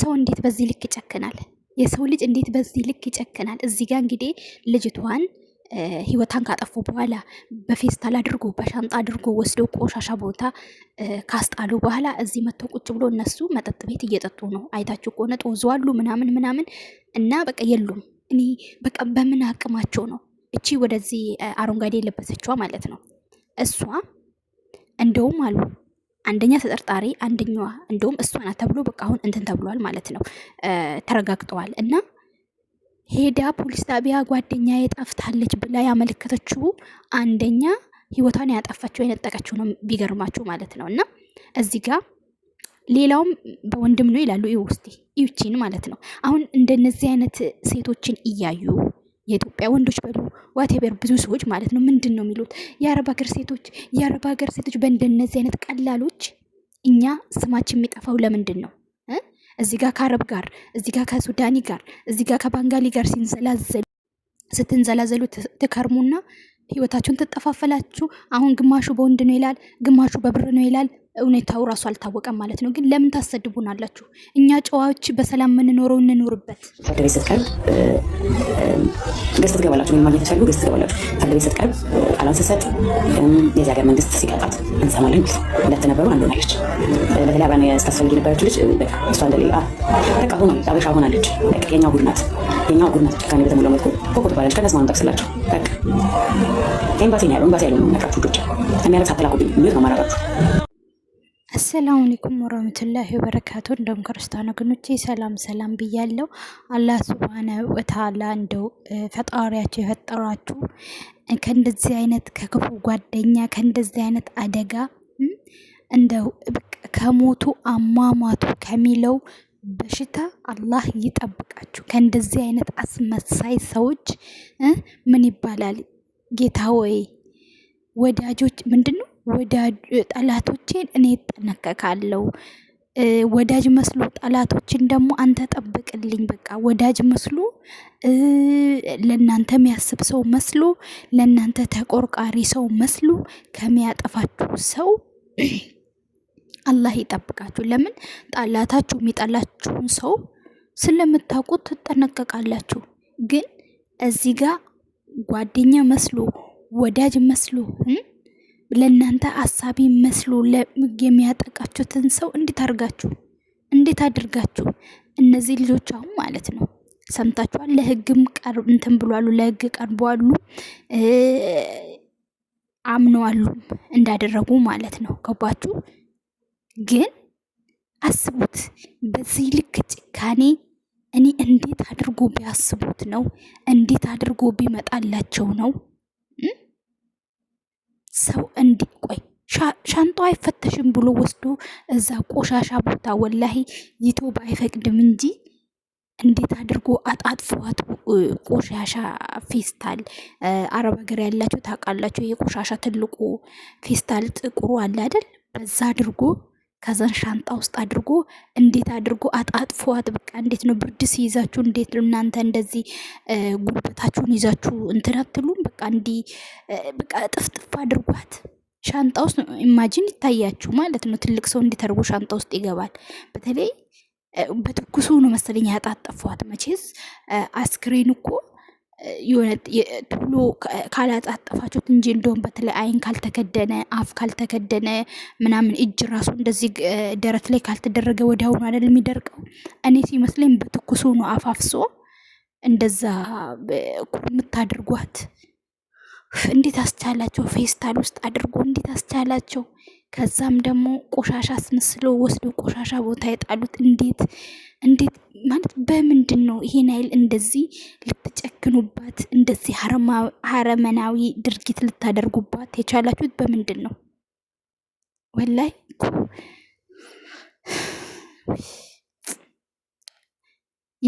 ሰው እንዴት በዚህ ልክ ይጨክናል? የሰው ልጅ እንዴት በዚህ ልክ ይጨክናል? እዚህ ጋር እንግዲህ ልጅቷን ህይወታን ካጠፉ በኋላ በፌስታል አድርጎ በሻንጣ አድርጎ ወስዶ ቆሻሻ ቦታ ካስጣሉ በኋላ እዚህ መጥተው ቁጭ ብሎ እነሱ መጠጥ ቤት እየጠጡ ነው። አይታችሁ ከሆነ ጦዘዋሉ ምናምን ምናምን እና በቃ የሉም። እኔ በቃ በምን አቅማቸው ነው እቺ ወደዚህ አረንጓዴ የለበሰችዋ ማለት ነው እሷ እንደውም አሉ አንደኛ ተጠርጣሪ አንደኛዋ እንደውም እሷ ናት ተብሎ በቃ አሁን እንትን ተብሏል ማለት ነው፣ ተረጋግጠዋል። እና ሄዳ ፖሊስ ጣቢያ ጓደኛ ጠፍታለች ብላ ያመለከተችው አንደኛ ህይወቷን ያጠፋችው የነጠቀችው ነው፣ ቢገርማችሁ ማለት ነው። እና እዚህ ጋር ሌላውም በወንድም ነው ይላሉ። ይህ ይቺን ማለት ነው። አሁን እንደነዚህ አይነት ሴቶችን እያዩ የኢትዮጵያ ወንዶች በሉ ዋቴበር ብዙ ሰዎች ማለት ነው ምንድን ነው የሚሉት? የአረብ ሀገር ሴቶች የአረብ ሀገር ሴቶች በእንደነዚህ አይነት ቀላሎች እኛ ስማችን የሚጠፋው ለምንድን ነው? እዚህ ጋር ከአረብ ጋር እዚህ ጋር ከሱዳኒ ጋር እዚህ ጋር ከባንጋሊ ጋር ሲንዘላዘሉ ስትንዘላዘሉ ትከርሙና ህይወታችሁን ትጠፋፈላችሁ። አሁን ግማሹ በወንድ ነው ይላል፣ ግማሹ በብር ነው ይላል፣ እውነታው ራሱ አልታወቀም ማለት ነው። ግን ለምን ታሰድቡናላችሁ? እኛ ጨዋዎች በሰላም የምንኖረው እንኖርበት። ፍርድ ቤት ስትቀርብ ገዝት ትገባላችሁ። ምን ማግኘት ይችላሉ? ገስት ትገባላችሁ። ፍርድ ቤት ስትቀርብ ቃሏን ስትሰጥ የዚህ ሀገር መንግስት ሲቀጣት እንሰማለን። ሁለት ነበሩ፣ አንዱ ናለች። በተለይ አብራን ስታስፈልግ የነበረችው ልጅ እሷ እንደሌላ በቃ ሆናለች፣ አበሻ ሆናለች። በቃ የኛ ጉድ ናት፣ የኛ ጭካኔ በተሞላው መልኩ ኮኮ ትባላለች። ከነስ ማን ጠቅስላቸው በቃ ኤምባሲ ነው ያለው። ኤምባሲ ያለው ነቃችሁ ዶጫ ከሚያረግ ሳትላኩብኝ ሚት ነው ማረጋችሁ አሰላሙ አለይኩም ወራህመቱላሂ ወበረካቱ። እንደም ክርስቲያን ወገኖቼ ሰላም ሰላም ብያለሁ። አላህ ሱብሃነ ወተዓላ እንደው ፈጣሪያቸው የፈጠራችሁ ከእንደዚህ አይነት ከክፉ ጓደኛ ከእንደዚህ አይነት አደጋ እንደው ከሞቱ አሟሟቱ ከሚለው በሽታ አላህ ይጠብቃችሁ። ከእንደዚህ አይነት አስመሳይ ሰዎች ምን ይባላል ጌታ ወይ ወዳጆች ምንድን ነው ጠላቶቼን እኔ እጠነቀቃለሁ። ወዳጅ መስሎ ጠላቶችን ደግሞ አንተ ጠብቅልኝ። በቃ ወዳጅ መስሎ ለእናንተ የሚያስብ ሰው መስሎ ለእናንተ ተቆርቋሪ ሰው መስሎ ከሚያጠፋችሁ ሰው አላህ ይጠብቃችሁ። ለምን ጠላታችሁ የሚጠላችሁን ሰው ስለምታውቁት ትጠነቀቃላችሁ። ግን እዚህ ጋር ጓደኛ መስሎ ወዳጅ መስሎ ለእናንተ አሳቢ መስሎ የሚያጠቃችሁትን ሰው እንዴት አድርጋችሁ እንዴት አድርጋችሁ እነዚህ ልጆች አሁን ማለት ነው ሰምታችኋል። ለህግም እንትን ብሏሉ፣ ለህግ ቀርበዋሉ፣ አምነዋሉ እንዳደረጉ ማለት ነው። ገባችሁ? ግን አስቡት፣ በዚህ ልክ ጭካኔ እኔ እንዴት አድርጎ ቢያስቡት ነው? እንዴት አድርጎ ቢመጣላቸው ነው? ሰው እንዲቆይ ሻንጣ አይፈተሽም ብሎ ወስዶ እዛ ቆሻሻ ቦታ ወላሂ ይቶ ባይፈቅድም እንጂ እንዴት አድርጎ አጣጥፏት ቆሻሻ ፌስታል አረብ ሀገር ያላቸው ታውቃላችሁ። የቆሻሻ ትልቁ ፌስታል ጥቁሩ አለ አይደል? በዛ አድርጎ ከዛን ሻንጣ ውስጥ አድርጎ እንዴት አድርጎ አጣጥፏት። በቃ እንዴት ነው ብርድ ሲይዛችሁ፣ እንዴት እናንተ እንደዚህ ጉልበታችሁን ይዛችሁ እንትን አትሉ በቃ እንዲ በቃ ጥፍጥፍ አድርጓት ሻንጣ ውስጥ ኢማጂን ይታያችሁ ማለት ነው። ትልቅ ሰው እንዲተርጎ ሻንጣ ውስጥ ይገባል። በተለይ በትኩሱ ነው መሰለኝ ያጣጠፏት። መቼስ አስክሬን እኮ የሆነ ቶሎ ካላጣጠፋችሁት እንጂ እንደውም በተለይ አይን ካልተከደነ አፍ ካልተከደነ ምናምን እጅ ራሱ እንደዚህ ደረት ላይ ካልተደረገ ወዲያውኑ አይደል የሚደርቀው። እኔ ሲመስለኝ በትኩሱ ነው አፋፍሶ እንደዛ ኩምታድርጓት እንዴት አስቻላቸው? ፌስታል ውስጥ አድርጎ እንዴት አስቻላቸው? ከዛም ደግሞ ቆሻሻ አስመስሎ ወስዶ ቆሻሻ ቦታ የጣሉት እንዴት እንዴት ማለት በምንድን ነው? ይሄን አይል እንደዚህ ልትጨክኑባት፣ እንደዚህ ሀረመናዊ ድርጊት ልታደርጉባት የቻላችሁት በምንድን ነው? ወላይ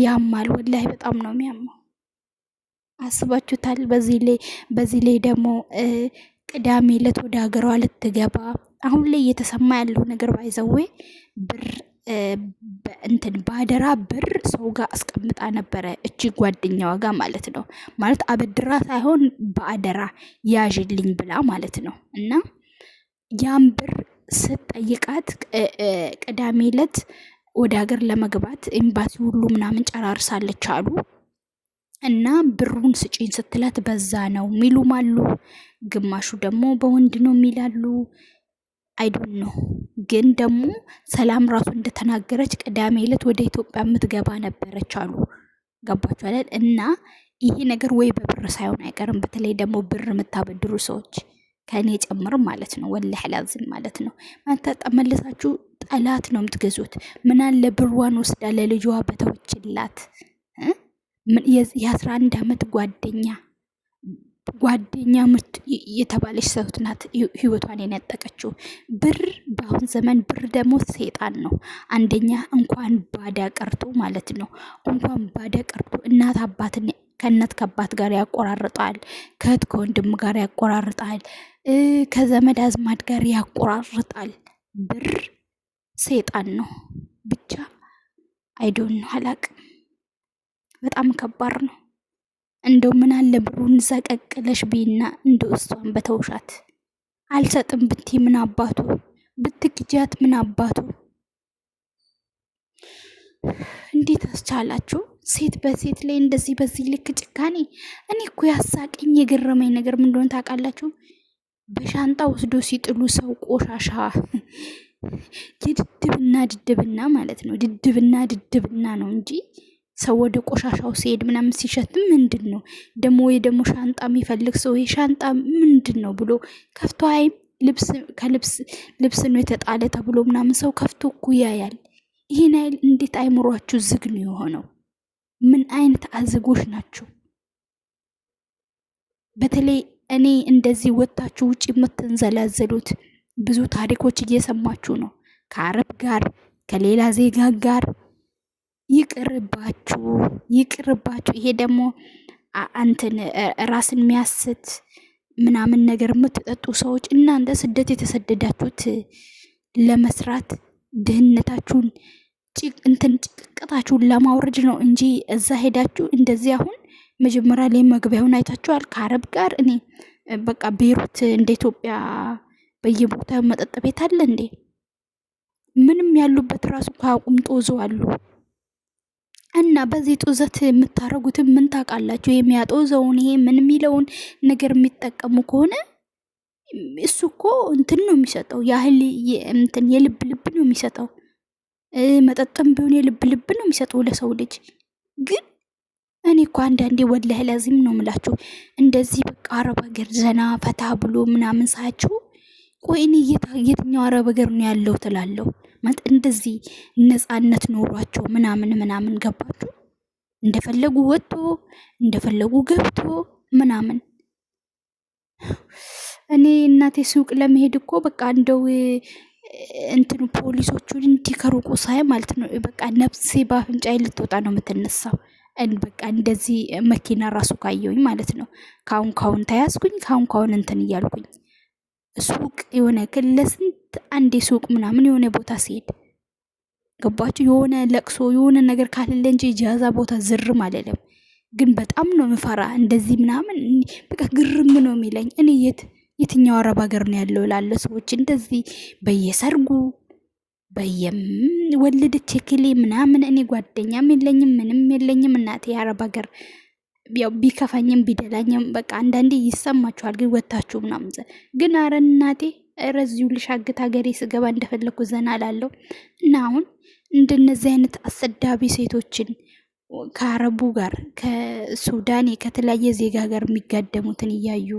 ያማል፣ ወላይ በጣም ነው የሚያማው። አስባችሁታል? በዚህ ላይ በዚህ ላይ ደግሞ ቅዳሜ ዕለት ወደ ሀገሯ ልትገባ አሁን ላይ እየተሰማ ያለው ነገር ባይዘዌ ብር እንትን ባደራ ብር ሰው ጋር አስቀምጣ ነበረ። እቺ ጓደኛዋ ጋር ማለት ነው። ማለት አበድራ ሳይሆን በአደራ ያዥልኝ ብላ ማለት ነው። እና ያን ብር ስትጠይቃት ቅዳሜ ዕለት ወደ ሀገር ለመግባት ኤምባሲ ሁሉ ምናምን ጨራርሳለች አሉ። እና ብሩን ስጪኝ ስትላት በዛ ነው የሚሉም አሉ። ግማሹ ደግሞ በወንድ ነው ሚላሉ። አይዶን ነው ግን ደግሞ ሰላም ራሱ እንደተናገረች ቅዳሜ ዕለት ወደ ኢትዮጵያ የምትገባ ነበረች አሉ። ገባችኋል? እና ይሄ ነገር ወይ በብር ሳይሆን አይቀርም። በተለይ ደግሞ ብር የምታበድሩ ሰዎች ከእኔ ጨምር ማለት ነው። ወላሂ ላዝን ማለት ነው መለሳችሁ ጠላት ነው የምትገዙት። ምናለ ብሯን ወስዳ ለልጇ በተወችላት የአስራ አንድ ዓመት ጓደኛ ጓደኛ ምርት የተባለች ሰውት ናት ህይወቷን የነጠቀችው። ብር በአሁን ዘመን ብር ደግሞ ሴጣን ነው። አንደኛ እንኳን ባዳ ቀርቶ ማለት ነው እንኳን ባዳ ቀርቶ እናት አባትን ከእናት ከአባት ጋር ያቆራርጣል፣ ከእህት ከወንድም ጋር ያቆራርጣል፣ ከዘመድ አዝማድ ጋር ያቆራርጣል። ብር ሴጣን ነው። ብቻ አይዶን ነው አላቅ በጣም ከባድ ነው። እንደው ምን አለ ብሩን ዘቀቅለሽ ቤና እንደው እሷን በተውሻት አልሰጥም ብቲ ምን አባቱ ብትግጃት ምን አባቱ እንዴት አስቻላችሁ? ሴት በሴት ላይ እንደዚህ በዚህ ልክ ጭካኔ። እኔ እኮ ያሳቀኝ የገረመኝ ነገር ምን እንደሆነ ታውቃላችሁ? በሻንጣ ወስዶ ሲጥሉ ሰው ቆሻሻ የድድብና ድድብና ማለት ነው። ድድብና ድድብና ነው እንጂ ሰው ወደ ቆሻሻው ሲሄድ ምናምን ሲሸት ምንድን ነው ደግሞ ወይ ደግሞ ሻንጣ የሚፈልግ ሰው ይሄ ሻንጣ ምንድን ነው ብሎ ከፍቶ አይ ከልብስ ልብስ ነው የተጣለ ተብሎ ምናምን ሰው ከፍቶ እኮ ያያል። ይህን አይል እንዴት አይምሯችሁ ዝግ ነው የሆነው? ምን አይነት አዝጎች ናቸው? በተለይ እኔ እንደዚህ ወጥታችሁ ውጭ የምትንዘላዘሉት ብዙ ታሪኮች እየሰማችሁ ነው ከአረብ ጋር ከሌላ ዜጋ ጋር ይቅርባችሁ፣ ይቅርባችሁ። ይሄ ደግሞ እንትን ራስን የሚያስት ምናምን ነገር የምትጠጡ ሰዎች እናንተ ስደት የተሰደዳችሁት ለመስራት ድህነታችሁን እንትን ጭቅቅጣችሁን ለማውረድ ነው እንጂ እዛ ሄዳችሁ እንደዚህ አሁን መጀመሪያ ላይ መግቢያውን አይታችኋል። ከአረብ ጋር እኔ በቃ ቤሩት እንደ ኢትዮጵያ በየቦታ መጠጥ ቤት አለ እንዴ? ምንም ያሉበት ራሱ ከአቁም ጦዞ አሉ። እና በዚህ ጡዘት የምታረጉትን ምን ታውቃላችሁ? የሚያጦዘውን ይሄ ምን የሚለውን ነገር የሚጠቀሙ ከሆነ እሱ እኮ እንትን ነው የሚሰጠው ያህል እንትን የልብ ልብ ነው የሚሰጠው። መጠጥም ቢሆን የልብ ልብ ነው የሚሰጠው ለሰው ልጅ። ግን እኔ እኮ አንዳንዴ ወላሂ ላዚም ነው የምላችሁ እንደዚህ በቃ አረብ ሀገር ዘና ፈታ ብሎ ምናምን ሳያችሁ ቆይ እኔ የትኛው አረብ ሀገር ነው ያለው ትላለሁ። ማለት እንደዚህ ነፃነት ኖሯቸው ምናምን ምናምን ገባችሁ። እንደፈለጉ ወጥቶ እንደፈለጉ ገብቶ ምናምን እኔ እናቴ ሱቅ ለመሄድ እኮ በቃ እንደው እንትኑ ፖሊሶቹን እንዲህ ከሩቁ ሳይ ማለት ነው በቃ ነፍሴ በአፍንጫዬ ልትወጣ ነው የምትነሳው። በቃ እንደዚህ መኪና ራሱ ካየውኝ ማለት ነው ካሁን ካሁን ተያዝኩኝ፣ ካሁን ካሁን እንትን እያልኩኝ ሱቅ የሆነ ክለስን አንዴ ሱቅ ምናምን የሆነ ቦታ ሲሄድ ገባችሁ የሆነ ለቅሶ የሆነ ነገር ካለለ እንጂ ጃዛ ቦታ ዝርም አለለም። ግን በጣም ነው ምፈራ እንደዚህ ምናምን በቃ ግርም ነው የሚለኝ። እኔ የት የትኛው አረብ ሀገር ነው ያለው ላለ ሰዎች እንደዚህ በየሰርጉ በየወለደች ክሌ ምናምን እኔ ጓደኛም የለኝም ምንም የለኝም። እናቴ የአረብ ሀገር ያው ቢከፋኝም ቢደላኝም በቃ አንዳንዴ ይሰማችኋል። ግን ወታችሁ ምናምን ግን አረ እናቴ ረዚሁ ልሻግት ሀገሬ ስገባ እንደፈለግኩ ዘና ላለው እና አሁን እንደነዚህ አይነት አሰዳቢ ሴቶችን ከአረቡ ጋር ከሱዳኔ ከተለያየ ዜጋ ጋር የሚጋደሙትን እያዩ